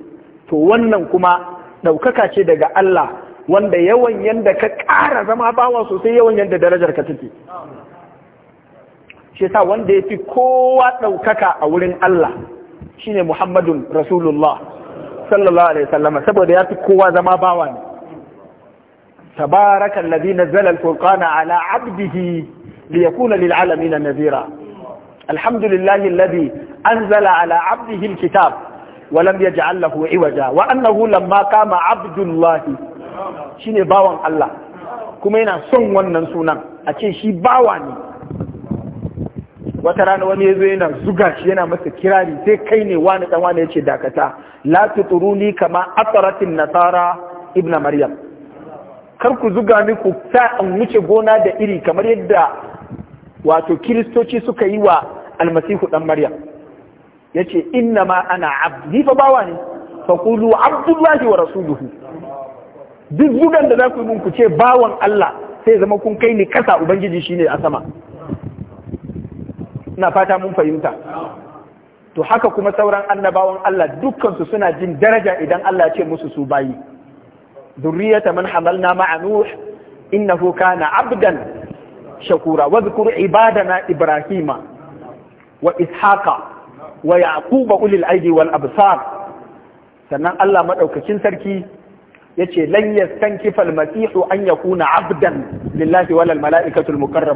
to wannan kuma ɗaukaka ce daga Allah wanda yawan yadda ka ƙara zama bawa sosai yawan yanda darajar ka take shi sa wanda ya fi kowa ɗaukaka a wurin Allah shine Muhammadun Rasulullah sallallahu alaihi wasallama saboda ya fi kowa zama bawa ne tabaraka alladhi nazzala al-furqana ala 'abdihi liyakuna lil 'alamin Nazira, alhamdulillahi alladhi anzala ala 'abdihi kitab wa lam yaj'al lahu 'iwaja wa annahu lamma qama 'abdullahi Shi ne bawan Allah kuma yana son wannan sunan a ce shi bawa ne wata rana wani ya zo yana zuga shi yana masa kirari sai kai ne wani dan wani ya ce dakata la ni kama asaratin nasara ibn maryam kar ku zuga ni ku sa in wuce gona da iri kamar yadda wato kiristoci suka yi wa almasihu ɗan maryam yace inna ma ana abdi fa bawa ne fa qulu abdullahi wa rasuluhu duk zugan da za ku yi mun ku ce bawan Allah sai zama kun kai ni kasa ubangiji shine a sama ina fata mun fahimta to haka kuma sauran annabawan Allah dukkansu suna jin daraja idan Allah ce musu su bayi zurriyata man hamalna ma'a nuh innahu kana abdan shakura wa dhkur ibadana ibrahima wa ishaqa wa yaquba ulil aidi wal absar sannan Allah madaukakin sarki yace lan yastankifa al-masih an yakuna abdan lillahi wal malaikatu al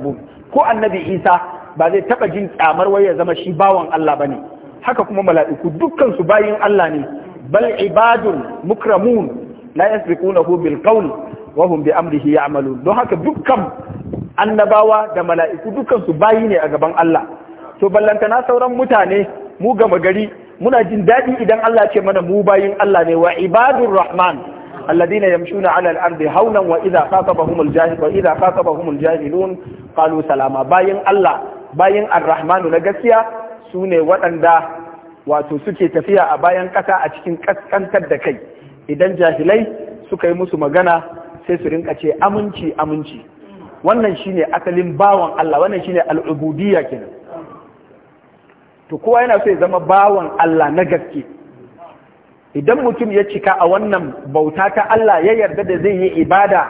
ko annabi Isa ba zai taba jin kyamar wai ya zama shi bawan Allah bane haka kuma mala'iku dukkan su bayin Allah ne bal ibadun mukramun la yasbiqunahu bil qawl wa hum bi amrihi ya'malun don haka dukkan annabawa da mala'iku dukkan su bayi ne a gaban Allah to ballantana sauran mutane mu gama gari muna jin daɗi idan Allah ce mana mu bayin Allah ne wa ibadur rahman alladhina yamshuna 'ala al-ardi hawlan wa idha khatabahum na gaskiya sune waɗanda wato suke tafiya a bayan ƙasa a cikin ƙanƙantar da kai idan jahilai suka yi musu magana sai su rinka ce aminci aminci wannan shine asalin bawan Allah wannan shine al'ubudiyya kenan to kowa yana so ya zama bawan Allah na gaske idan mutum ya cika a wannan bauta ta Allah ya yarda da zai yi ibada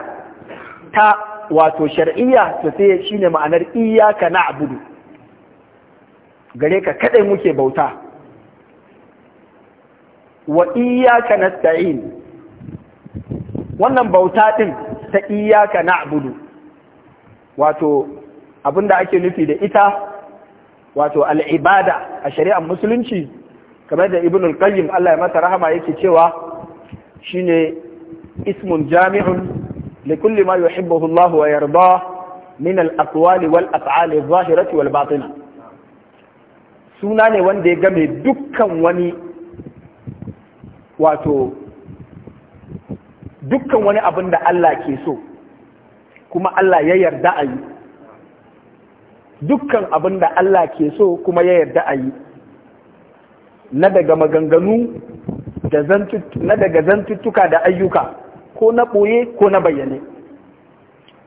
ta wato shar'iyya to sai shine ma'anar na abudu. gare ka kadai muke bauta wa na nasta'in wannan bauta ɗin ta na abudu. wato abinda ake nufi da ita wato al'ibada a shari'ar musulunci kamar da ibn al-qayyim Allah ya masa rahama yake cewa shine ismun jami'un li kulli ma yuhibbuhu Allah wa yarda min al aqwal wal af'al adh-dhahirati wal batina suna ne wanda ya game dukkan wani wato dukkan wani abin da Allah ke so kuma Allah ya yarda a yi dukkan abin da Allah ke so kuma ya yarda a yi na daga maganganu na daga zantuttuka da ayyuka ko na ɓoye ko na bayyane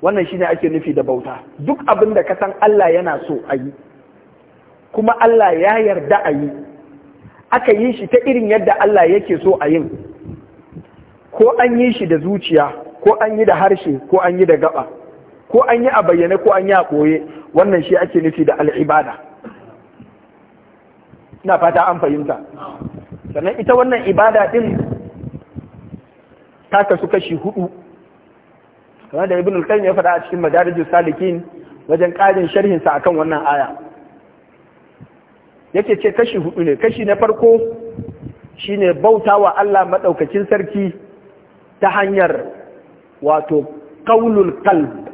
wannan shine ake nufi da bauta duk abin da ka san Allah yana so a yi kuma Allah ya yarda a yi aka yi shi ta irin yadda Allah yake so a yin ko an yi shi da zuciya ko an yi da harshe ko an yi da gaba ko an yi a bayyane ko an yi a ɓoye wannan shi ake nufi da al'ibada ina fata an fahimta sannan ita wannan ibada din ta kasu kashi hudu kamar da ibn al-qayyim ya faɗa a cikin madarijus salikin wajen ƙarin sharhinsa sa akan wannan aya yake ce kashi hudu ne kashi na farko shine wa Allah madaukakin sarki ta hanyar wato qaulul qalb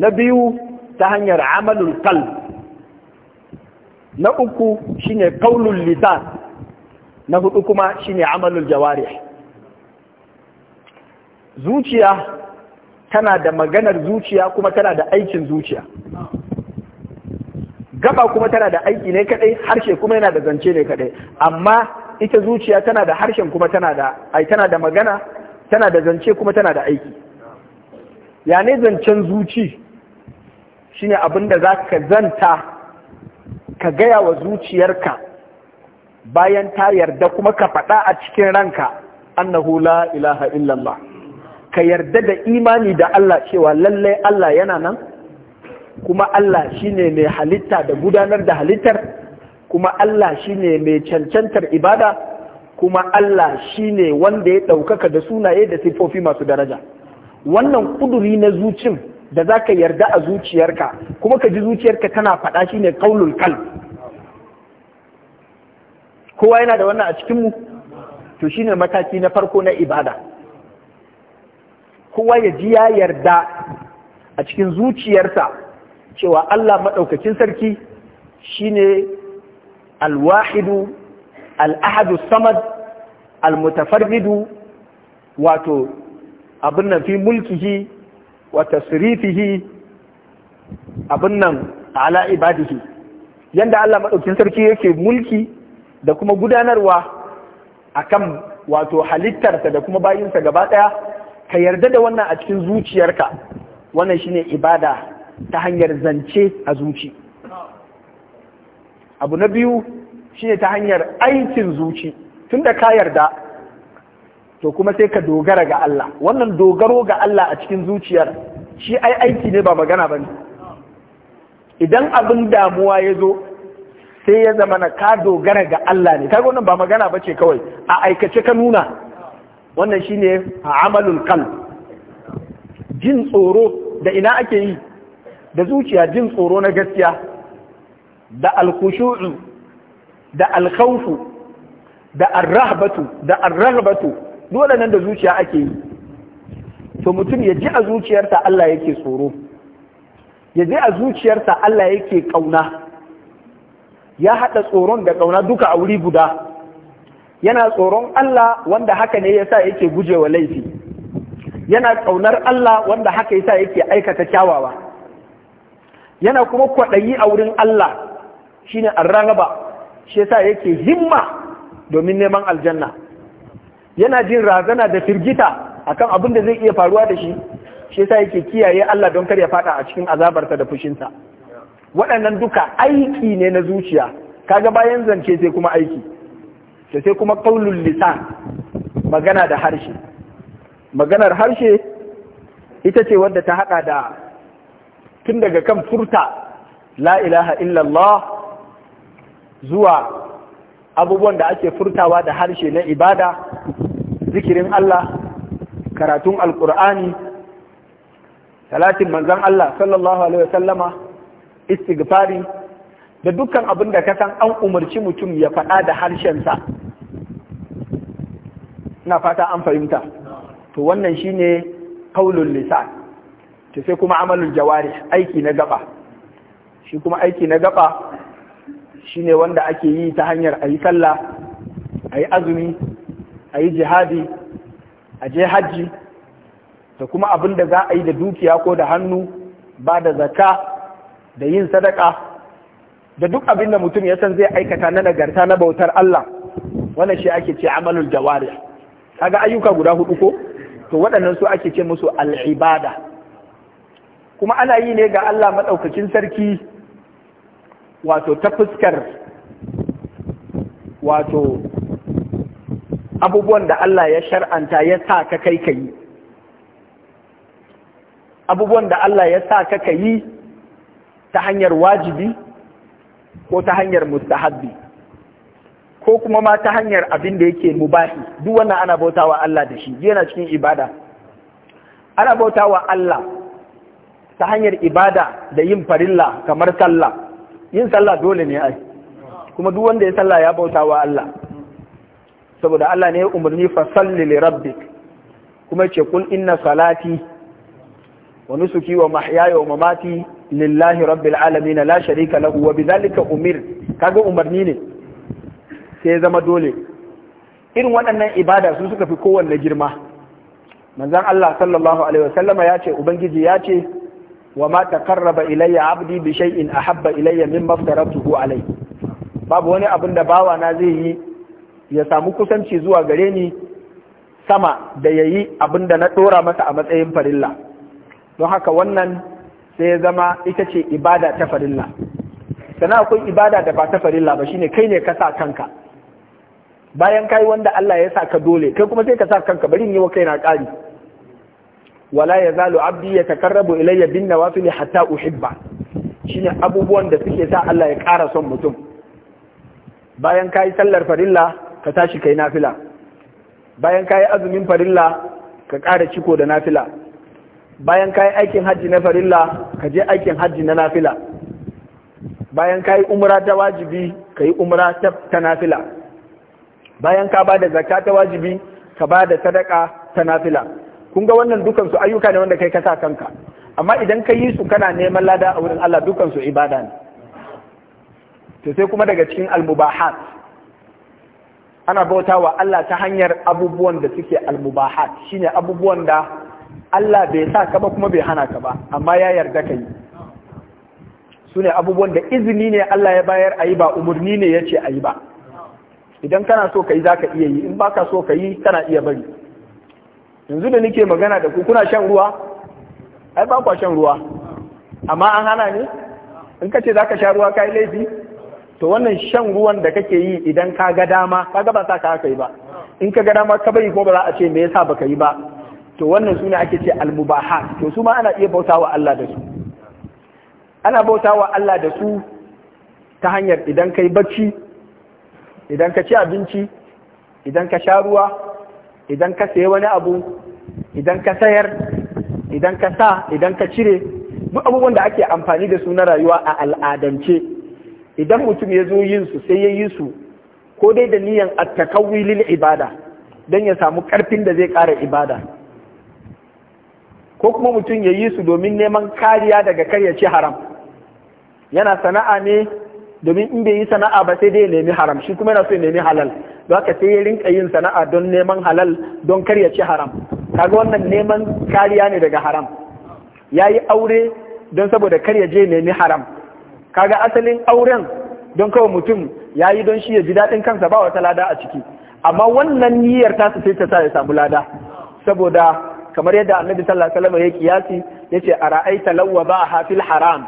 na biyu ta hanyar amalul qalb na uku shi ne kaunin lisan na hudu kuma shi ne amalin jawari zuciya tana da maganar zuciya kuma tana da aikin zuciya gaba kuma tana da aiki ne kadai harshe kuma yana da zance ne kadai amma ita zuciya tana da harshen kuma tana da ai tana da magana tana da zance kuma tana da aiki ya ne zancen zuci shine ne da za ka zanta ka gaya wa zuciyarka bayan ta yarda kuma ka faɗa a cikin ranka annahu la ilaha illallah ka yarda da imani da Allah cewa lallai Allah yana nan kuma Allah shine mai halitta da gudanar da halittar kuma Allah shine mai cancantar ibada kuma Allah shine wanda ya ɗaukaka da sunaye da siffofi masu daraja wannan kuduri na zucin da za ka yarda a zuciyarka kuma ka ji zuciyarka tana faɗa shi ne ƙaunul kal kowa yana da wannan a cikinmu to shi ne mataki na farko na ibada kowa ya ji ya yarda a cikin zuciyarsa cewa Allah maɗaukakin sarki shi ne alwahidu al'ahadu samad al mutafarridu wato abin nan fi mulkihi wa tasrifihi abin nan ala ibadihi yanda Allah madaukin sarki yake mulki da kuma gudanarwa akan wato halittarsa da kuma bayinsa gaba ɗaya, ka yarda da wannan a cikin zuciyarka wannan shine ibada ta hanyar zance a zuci abu na biyu shine ta hanyar aikin zuci tunda ka yarda to kuma sai ka dogara ga Allah wannan dogaro ga Allah a cikin zuciyar shi ai aiki ne ba magana ba ne idan abin damuwa ya zo sai ya zama na ka dogara ga Allah ne kaga wannan ba magana ba ce kawai a aikace ka nuna wannan shi shine amalul kan. jin tsoro da ina ake yi da zuciya jin tsoro na gaskiya da alkushu'u da alkhawfu da arrahbatu da arrahbatu dole nan da zuciya ake yi to mutum ya ji a zuciyarta Allah yake tsoro ya ji a zuciyarta Allah yake ƙauna ya haɗa tsoron da ƙauna duka a wuri guda yana tsoron Allah wanda haka ne yasa yake gujewa laifi yana ƙaunar Allah wanda haka yasa yake aikata kyawawa yana kuma kwaɗayi a wurin Allah shine arraba shi yasa yake himma domin neman aljanna yana jin razana da firgita akan abin da zai iya faruwa da shi shi yasa yake kiyaye Allah don kar ya fada a cikin azabarsa da fushinsa waɗannan duka aiki ne na zuciya kaga bayan zance sai kuma aiki sai kuma qaulul lisan magana da harshe maganar harshe ita ce wadda ta haɗa da tun daga kan furta la ilaha illallah zuwa abubuwan da ake furtawa da harshe na ibada zikirin Allah karatun alkur'ani talatin manzan Allah sallallahu alaihi wasallama istighfari da dukkan abin da ka san an umarci mutum ya faɗa da harshensa na fata an fahimta to wannan shine qaulul lisan to sai kuma amalul jawari aiki na gaba shi kuma aiki na gaba shine wanda ake yi ta hanyar ayi sallah ayi azumi a yi jihadi a je hajji da kuma abin da za a yi da dukiya ko da hannu ba da zaka da yin sadaka da duk abin da mutum ya san zai aikata na nagarta na bautar Allah wannan shi ake ce amalul jawari kaga ayyuka guda hudu ko to waɗannan su ake ce musu al'ibada kuma ana yi ne ga Allah maɗaukakin sarki wato ta fuskar wato abubuwan da Allah ya shar'anta ya sa ka kai ka yi abubuwan da Allah ya sa ka kai yi ta hanyar wajibi ko ta hanyar mustahabbi ko kuma ma ta hanyar abin da yake mubahi duk wannan ana bautawa Allah da shi yana cikin ibada ana bautawa Allah ta hanyar ibada da yin farilla kamar sallah yin sallah dole ne ai kuma duk wanda ya sallah ya bautawa Allah saboda Allah ne ya umarni fa salli li rabbik kuma ce kul inna salati wa nusuki wa mahyaya wa mamati lillahi rabbil alamin la sharika lahu wa bidhalika umir kaga umarni ne sai zama dole irin waɗannan ibada su suka fi kowanne girma manzon Allah sallallahu alaihi wasallama ya ce ubangiji ya ce wa ma taqarraba ilayya abdi bi shay'in ahabba ilayya mimma ko alayhi babu wani abin da bawana zai yi ya samu kusanci zuwa gare ni sama da ya yi abin da na ɗora masa a matsayin farilla don haka wannan sai ya zama ita ce ibada ta farilla sana akwai ibada da ba ta farilla ba shine kai ne ka sa kanka bayan kai wanda Allah ya sa ka dole kai kuma sai ka sa kanka bari ne wa na ƙari wala ya zalo abdi ya takarrabu ilayya bin ne hatta uhibba shine abubuwan da suke sa Allah ya ƙara son mutum bayan kayi sallar farilla ka tashi kai nafila bayan kayi azumin farilla ka ƙara ciko da nafila bayan kayi aikin hajji na farilla ka je aikin hajji na nafila bayan kayi umra ta wajibi ka yi umra ta nafila bayan ka ba da zakka ta wajibi ka ba da sadaka ta nafila kun ga wannan dukansu ayyuka ne wanda kai ka sa kanka amma idan ka yi su kana neman lada a wurin Allah dukansu ibada ne to sai kuma daga cikin almubahat ana bauta wa Allah ta hanyar abubuwan da suke almubahat shine abubuwan da Allah bai sa ka ba kuma bai hana ka ba amma ya yarda ka yi su ne abubuwan da izini ne Allah ya bayar a yi ba umarni ne ya ce a yi ba idan kana so ka yi za ka iya yi in baka so ka yi kana iya bari yanzu da nike magana da ku kuna shan ruwa ai ba kwa shan ruwa amma an hana ne in ka ce za ka sha ruwa ka yi laifi to wannan shan ruwan da kake yi idan ka ga dama ka ga ba sa ka haka yi ba in ka ga dama ka bari ko ba za a ce me yasa baka yi ba to wannan sune ake ce almubaha, to su ma ana iya bauta wa Allah da su ana bauta Allah da su ta hanyar idan kai bacci idan ka ci abinci idan ka sha ruwa idan ka sayi wani abu idan ka sayar idan ka sa idan ka cire duk abubuwan da ake amfani da su na rayuwa a al'adance idan mutum ya zo yin su sai ya yi su ko dai da niyan attakawi lil ibada don ya samu karfin da zai kara ibada ko kuma mutum ya yi su domin neman kariya daga karyace haram yana sana'a ne domin in bai yi sana'a ba sai dai ya nemi haram shi kuma yana so ya nemi halal don haka sai ya rinka yin sana'a don neman halal don karyace haram kaga wannan neman kariya ne daga haram ya yi aure don saboda kar ya je nemi haram kaga asalin auren don kawai mutum ya yi don shi ya ji daɗin kansa ba wata lada a ciki amma wannan niyyar ta su sai ta sa ya samu lada saboda kamar yadda annabi sallallahu alaihi wasallam ya ce a ara'aita lawwa ba a hafil haram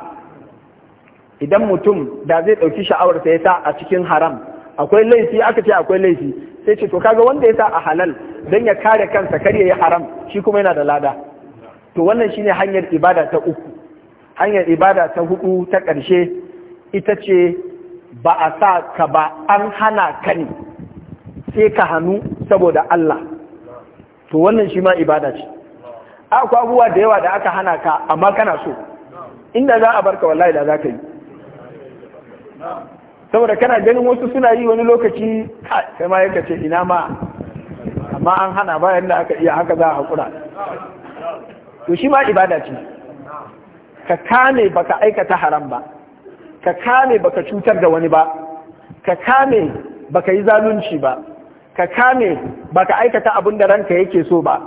idan mutum da zai ɗauki sha'awar sa ya sa a cikin haram akwai laifi aka ce akwai laifi sai ce to kaga wanda ya sa a halal don ya kare kansa kar ya yi haram shi kuma yana da lada to wannan shine hanyar ibada ta uku hanyar ibada ta hudu ta ƙarshe ita ce ba a sa ka ba an hana ka ne sai ka hannu saboda Allah to wannan shi ma ibada ce akwai abubuwa da yawa da aka hana ka amma kana so inda za a barka wallahi da za ka yi saboda kana ganin wasu suna yi wani lokaci kai ma yanka ce ina ma amma an hana bayan da aka iya haka za a haƙura to shi ma ibada ce ka kame baka aikata haram ba ka kame baka cutar da wani ba ka kame baka yi zalunci ba ka kame baka aikata abin da ranka yake so ba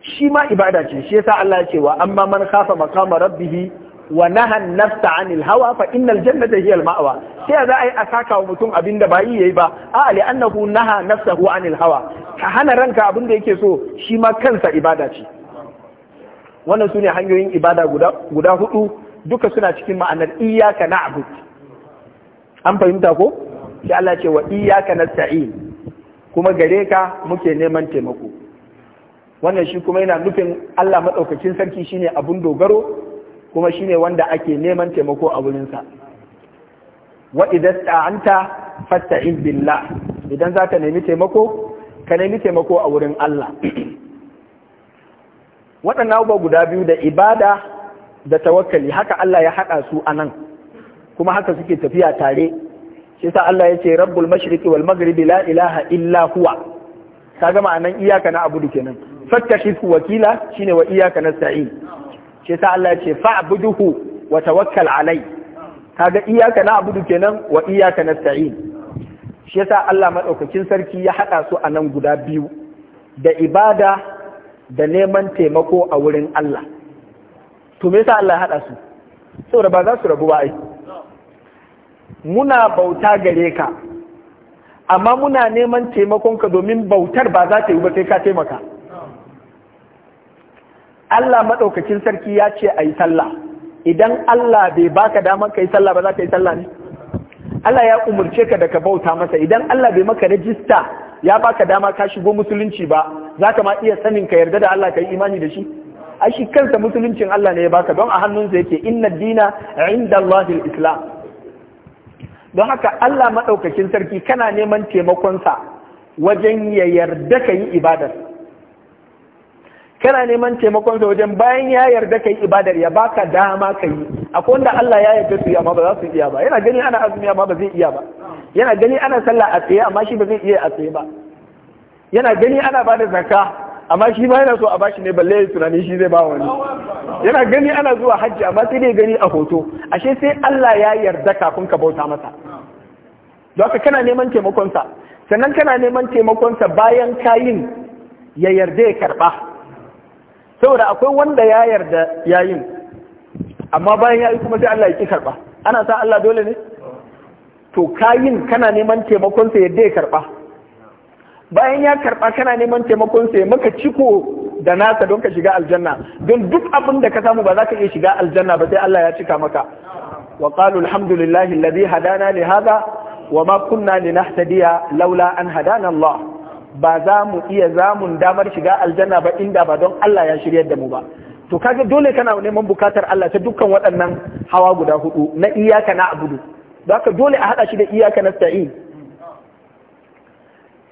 shi ma ibada ce shi yasa Allah ya ke wa amma man khafa maqama rabbih wa naha nafsa anil hawa fa innal jannata hiya al ma'wa sai za a yi saka wa mutum abin da bai yi ba a ali annahu naha nafsahu anil hawa ka hana ranka abin da yake so shi ma kansa ibada ce wannan su ne hanyoyin ibada guda hudu duka suna cikin ma'anar iyaka na abu an fahimta ko sai Allah ce wa iyaka na sa'in kuma gare ka muke neman taimako wannan shi kuma yana nufin Allah maɗaukacin sarki shine abun dogaro kuma shi ne wanda ake neman taimako a wurinsa wa idan ta'anta fasta'in billah idan za ka nemi taimako ka nemi taimako a wurin Allah waɗannan abubuwa guda biyu da ibada da tawakkali haka Allah ya haɗa su a nan kuma haka suke tafiya tare shi sa Allah ya ce rabbul mashriqi wal maghribi la ilaha illa huwa kaga ma'anan iyaka na abudu kenan fattashifu wakila shine wa iyaka nasta'in shi sa Allah ya ce fa'buduhu wa tawakkal alai kaga iyaka na abudu kenan wa iyaka nasta'in shi sa Allah madaukakin sarki ya haɗa su a nan guda biyu da ibada da neman taimako a wurin Allah to me yasa Allah ya haɗa su saboda ba za su rabu ba ai muna bauta gare ka amma muna neman taimakon ka domin bautar ba za ta yi ba sai ka taimaka Allah maɗaukakin sarki ya ce a yi sallah idan Allah bai baka damar ka yi sallah ba za ka yi sallah ne Allah ya umarce ka da ka bauta masa idan Allah bai maka rajista ya baka dama ka shigo musulunci ba za ka ma iya sanin ka yarda da Allah ka yi imani da shi ai shi kansa musuluncin Allah ne ya baka don a hannunsa yake inna dina inda Allahil Islam don haka Allah maɗaukakin sarki kana neman taimakonsa wajen ya yarda ka yi ibadar kana neman taimakonsa wajen bayan ya yarda ka yi ibadar ya baka dama ka yi akwai wanda Allah ya yarda su yi amma ba za su iya ba yana gani ana azumi amma ba zai iya ba yana gani ana sallah a tsaye amma shi ba zai iya a tsaye ba yana gani ana ba da zaka amma shi ba yana so a bashi ne balle tunani shi zai ba wani yana gani ana zuwa hajji amma sai dai gani a hoto ashe sai Allah ya yarda kafin ka bauta masa don haka kana neman taimakonsa sannan kana neman taimakonsa bayan kayin ya yarda ya karba saboda akwai wanda ya yarda yayin amma bayan yayi kuma sai Allah ya ki karba ana sa Allah dole ne to kayin kana neman taimakonsa yadda ya karba bayan ya karɓa kana neman taimakon sai maka ciko da nasa don ka shiga aljanna don duk abin da ka samu ba za ka iya shiga aljanna ba sai Allah ya cika maka wa qalu alhamdulillahi alladhi hadana li hadha wa ma kunna linahtadiya laula an hadana Allah ba za mu iya zamun damar shiga aljanna ba inda ba don Allah ya shiryar da mu ba to kaga dole kana neman bukatar Allah ta dukkan waɗannan hawa guda hudu na iyyaka na'budu zaka dole a hada shi da iyaka nasta'in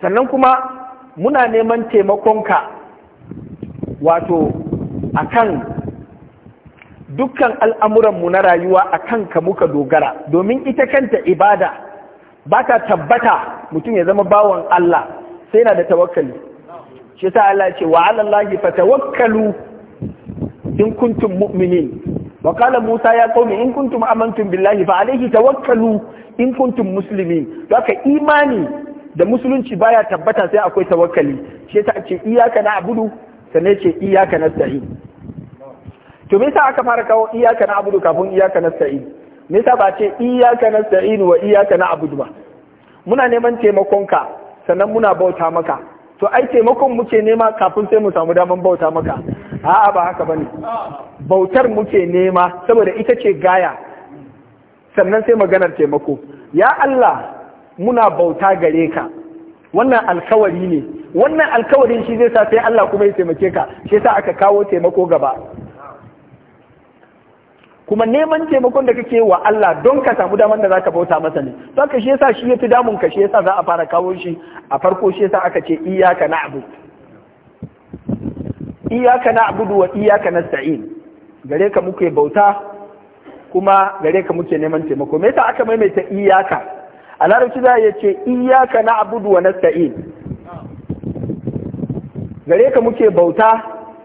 sannan kuma muna neman taimakonka wato a kan dukkan al'amuranmu na rayuwa a ka muka dogara domin ita kanta ibada ba ta tabbata mutum ya zama bawan Allah sai na da tawakkali shi ta Allah ce wa alallahi fa tawakkalu in kuntum mu'minin wa kala Musa ya qaumi in kuntum amantum billahi fa alayhi tawakkalu in kuntum muslimin ka imani da musulunci baya tabbata sai akwai tawakkali shi ta ce iyaka na abudu sannan ce iyaka na sa'i to me yasa aka fara kawo iyaka na abudu kafin iyaka na sa'i me yasa ba ce iyaka na sa'i wa iyaka na abudu ba muna neman taimakonka sannan muna bauta maka to ai taimakon muke nema kafin sai mu samu daman bauta maka a'a ba haka bane bautar muke nema saboda ita ce gaya sannan sai maganar taimako ya Allah muna bauta gare ka wannan alkawari ne wannan alkawarin shi zai sa sai Allah kuma ya taimake ka shi sa aka kawo taimako gaba kuma neman taimakon da kake wa Allah don ka samu damar da zaka bauta masa ne don ka shi yasa shi ya fi damun ka shi yasa za a fara kawo shi a farko shi yasa aka ce iyyaka na'budu iyyaka na'budu wa iyyaka nasta'in gare ka muke bauta kuma gare ka muke neman taimako me yasa aka maimaita iyaka. a larabci za ya ce iyaka na abudu wa nasta'in gare ka muke bauta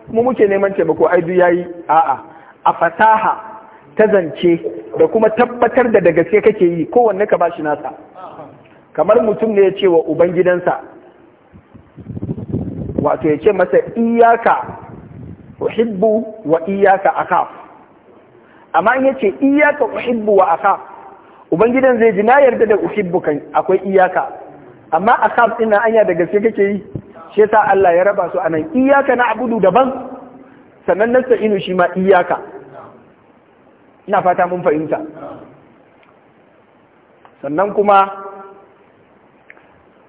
kuma muke neman taimako ai duk yayi a'a a fasaha ta zance da kuma tabbatar da da gaske kake yi kowanne ka bashi nasa kamar mutum ne ya ce wa ubangidansa wato ya ce masa iyaka uhibbu wa iyaka akaf amma in ya ce iyaka uhibbu wa akaf ubangidan zai ji na yarda da uhibbukan akwai iyaka amma a ina ɗin anya da gaske kake yi shi yasa Allah ya raba su anan iyaka na abudu daban sannan nasta inu shi ma iyaka ina fata mun fahimta sannan kuma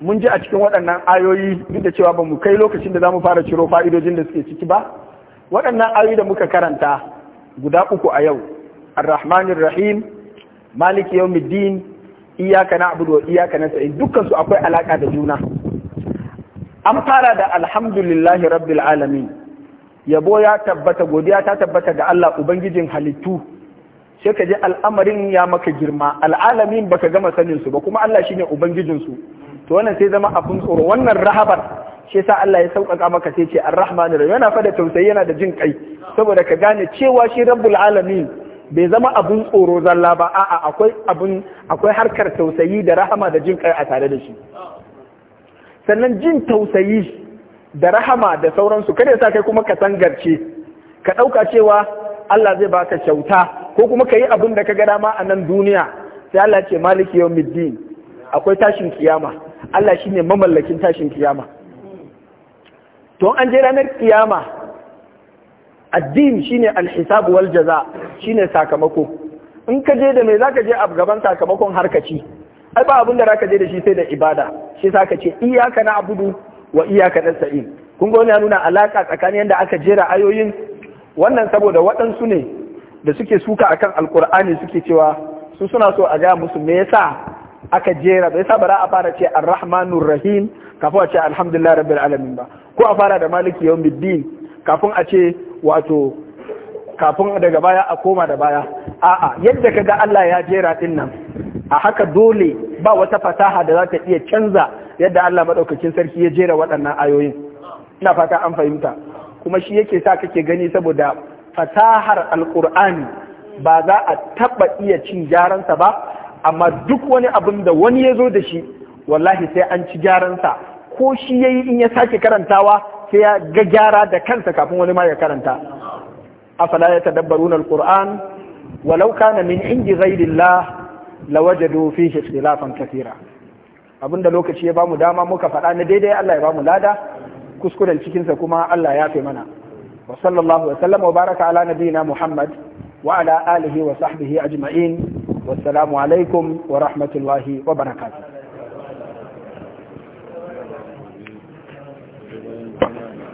mun ji a cikin waɗannan ayoyi duk da cewa ba mu kai lokacin da za mu fara ciro fa'idojin da suke ciki ba waɗannan ayoyi da muka karanta guda uku a yau ar rahim maliki na abu da wa iyaka na dukkan su akwai alaka da juna an fara da alhamdulillahi rabbil alamin yabo ya tabbata godiya ta tabbata ga Allah ubangijin halittu sai ka je al'amarin ya maka girma al'alamin baka gama sanin su ba kuma Allah shine ubangijin su to wannan sai zama abin tsoro wannan rahabar shi sa Allah ya sauƙaƙa maka sai ce ar-rahmanir yana fa da tausayi yana da jin kai saboda ka gane cewa shi rabbul alamin bai zama abun tsoro zalla ba a'a akwai akwai harkar tausayi da rahama da jin kai a tare da shi sannan jin tausayi da rahama da sauransu kada sa kai kuma ka tangarce ka ɗauka cewa Allah zai baka kyauta ko kuma ka yi abin da ka ga dama a nan duniya sai Allah ce maliki yawmiddin akwai tashin kiyama Allah shine mamallakin tashin kiyama to an je ranar kiyama addini shine alhisab wal jaza shine sakamako in ka je da me zaka je a gaban sakamakon harkaci ai ba abin da zaka je da shi sai da ibada shi zaka ce iyyaka na'budu wa iyyaka nasta'in kun ga wannan nuna alaka tsakanin yanda aka jera ayoyin wannan saboda waɗansu ne da suke suka akan alkur'ani suke cewa su suna so a ga musu me yasa aka jera me yasa bara a fara ce arrahmanur rahim kafin a ce alhamdulillah rabbil alamin ba ko a fara da maliki yawmiddin kafin a ce wato kafin daga baya a koma da baya a'a yadda ka ga Allah ya jera din nan a haka dole ba wata fasaha da za ta iya canza yadda Allah maɗaukakin sarki ya jera waɗannan ayoyin ina fata an fahimta kuma shi yake sa kake gani saboda fasahar alkur'ani ba za a taɓa iya cin gyaransa ba amma duk wani abin da wani ya zo da shi wallahi sai an ci gyaransa ko shi yayi in ya sake karantawa sai ya ga gyara da kansa kafin wani ma ya karanta afala ya Kur'an alquran walau na min indi ghairillah lawajadu fihi ikhtilafan kathira abinda lokaci ya bamu dama muka faɗa na daidai Allah ya bamu lada kuskuren cikinsa kuma Allah ya fi mana wa sallallahu wa sallama wa baraka ala nabiyina Muhammad wa ala alihi wa sahbihi ajma'in wassalamu alaikum wa rahmatullahi wa barakatuh